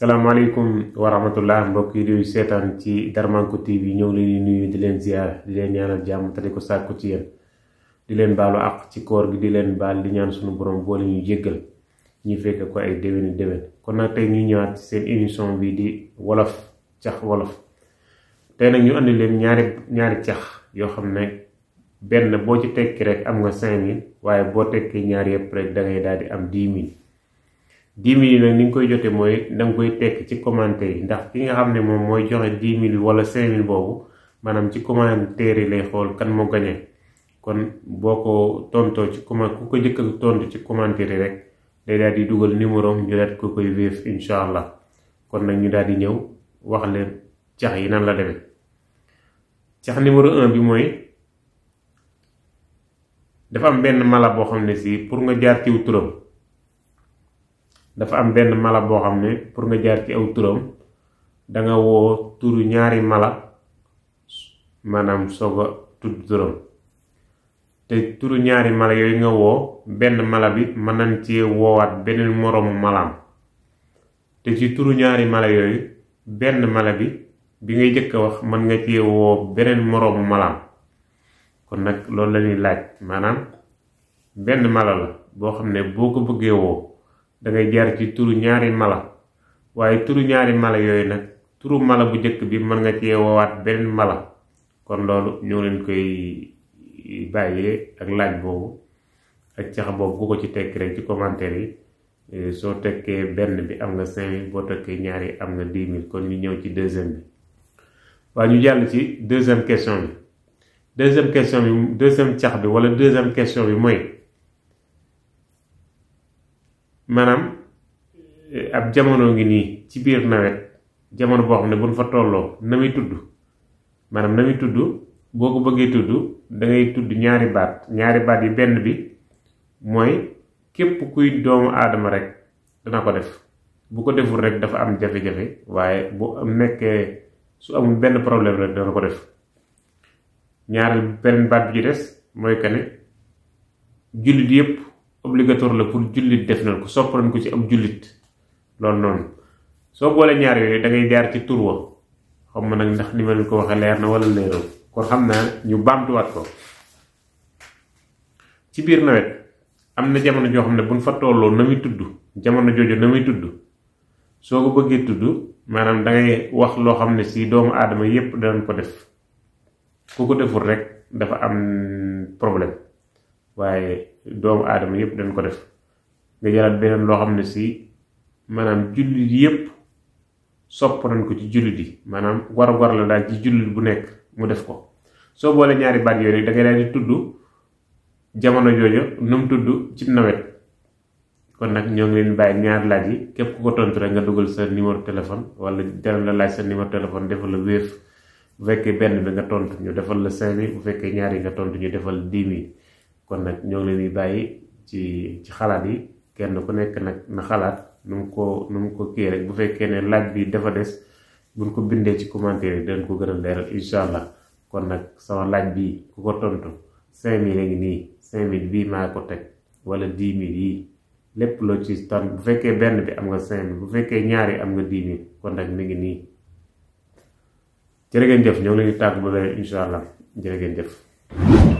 salaamaaleykum wa rahmatullah mbokk yi seetaan ci Darmanko TV ñëw leen di nuyu di leen ziar di leen ñaanal jàmm te di ko sàkku ci yéen di leen baalu àq ci koor gi di leen baal di ñaan suñu borom boole ñu jéggal ñu fekk ko ay déwéni déwén kon nag tey ñu ñëwaat seen émission bi di wolof cax wolof tey nag ñu andi ñaari cax yoo xam ne benn boo ci tekki rek am nga cinq mille waaye boo tekkee ñaar yëpp rek da ngay daal di am dix mille dix yi nag ni nga koy jotee mooy da koy tekk ci commentaire yi ndax ki nga xam ne moom mooy joxe dix mille wala cinq mille boobu maanaam ci commentaire yi lay xool kan moo gañe kon boo ko tontoo ci comment ku ko jëkk tontu ci commentaire yi rek day daal di dugal numéro ñu daal ko koy vérifier incha allah kon nag ñu daal di ñëw wax leen cax yi nan la demee cax numéro un bi mooy dafa am benn mala boo xam ne si pour nga jaar ciw turam. dafa am benn mala boo xam ne pour nga jaar ci aw turam danga woo turu ñaari mala maanaam soog a tudd turam te turu ñaari mala yooyu nga woo benn mala bi mën nañ ci woowaat beneen moroomu malaam te ci turu ñaari mala yooyu benn mala bi bi ngay jëkk a wax mën nga ci woo beneen moroomu malaam kon nag loolu la laaj maanaam benn mala la boo xam ne boo ko bëggee woo dangay jaar ci turu ñaari mala waaye turu ñaari mala yooyu nag turu mala bu njëkk bi mën nga cee woowaat benn mala kon loolu ñoo leen koy e, bàyyee ak laaj boobu ak cax boobu ku ko ci tekk rek ci commentaire yi e, soo tekkee benn bi am nga cinq mille boo tekkee ñaari am nga dix mille kon ñu ñëw ci deuxième bi waa ñu jàll ci deuxième question bi deuxième question bi deuxième cax bi wala deuxième question bi mooy maanaam eh, ab jamono ngi nii ci biir nawet jamono boo xam ne buñ fa tolloo na muy tudd maanaam na muy tudd boo ko bëggee tudd da tudd ñaari baat ñaari baat yi benn bi mooy képp kuy doomu aadama rek dana ko def bu ko deful rek dafa am jafe-jafe waaye bu am nekkee su amul benn problème rek dana ko def ñaareel benn baat bi ci des mooy que jullit yépp obligatoire la pour jullit def nañ ko sopp nañ ko ci am jullit loolu noonu soo boole ñaar yooyu da ngay ci tur wa xam ma nag ndax ni ma ko waxee leer na wala leerul kon xam naa ñu baamtuwaat ko ci biir nawet am na jamono joo xam ne buñ fa tolloo na muy tudd jamono jooju na muy tudd soo ko bëggee tudd maanaam dangay wax loo xam ne si doomu aadama yépp danañ ko def ku ko deful rek dafa am problème waaye doomu aadama yépp dañ ko def nga jëlaat beneen loo xam ne si maanaam jullit yépp sopp nañ ko ci jullit yi maanaam war-war la daal ci jullit bu nekk mu def ko soo boole ñaari baat yooyu da ngay daal di tudd jamono jooju nu tudd cib nawet kon nag ñoo ngi leen bàyyi ñaar laaj yi képp ku ko tontu rek nga dugal sa numéro téléphone wala dana la laaj sa numéro téléphone defal la wéef bu fekkee benn bi nga tontu ñu defal la cinq mille bu fekkee ñaar yi nga tontu ñu defal dix mille kon nag ñoo ngi bàyyi ci ci xalaat yi kenn ku nekk nag na xalaat nu mu ko nu mu ko kii rek bu fekkee ne laaj bi dafa des buñ ko bindee ci commentaire yi dañ ko gën a leeral incha allah kon nag sama laaj bi ku ko tontu cinq mille ngi nii cinq mille bii maa ko teg wala dix mille yi lépp loo ci tànn bu fekkee benn bi am nga cinq mille bu fekkee ñaari am nga dix kon nag mi ngi nii jërë ngeen jëf ñoo ngi leen di tàggu ba beneen incha allah jërë ngeen jëf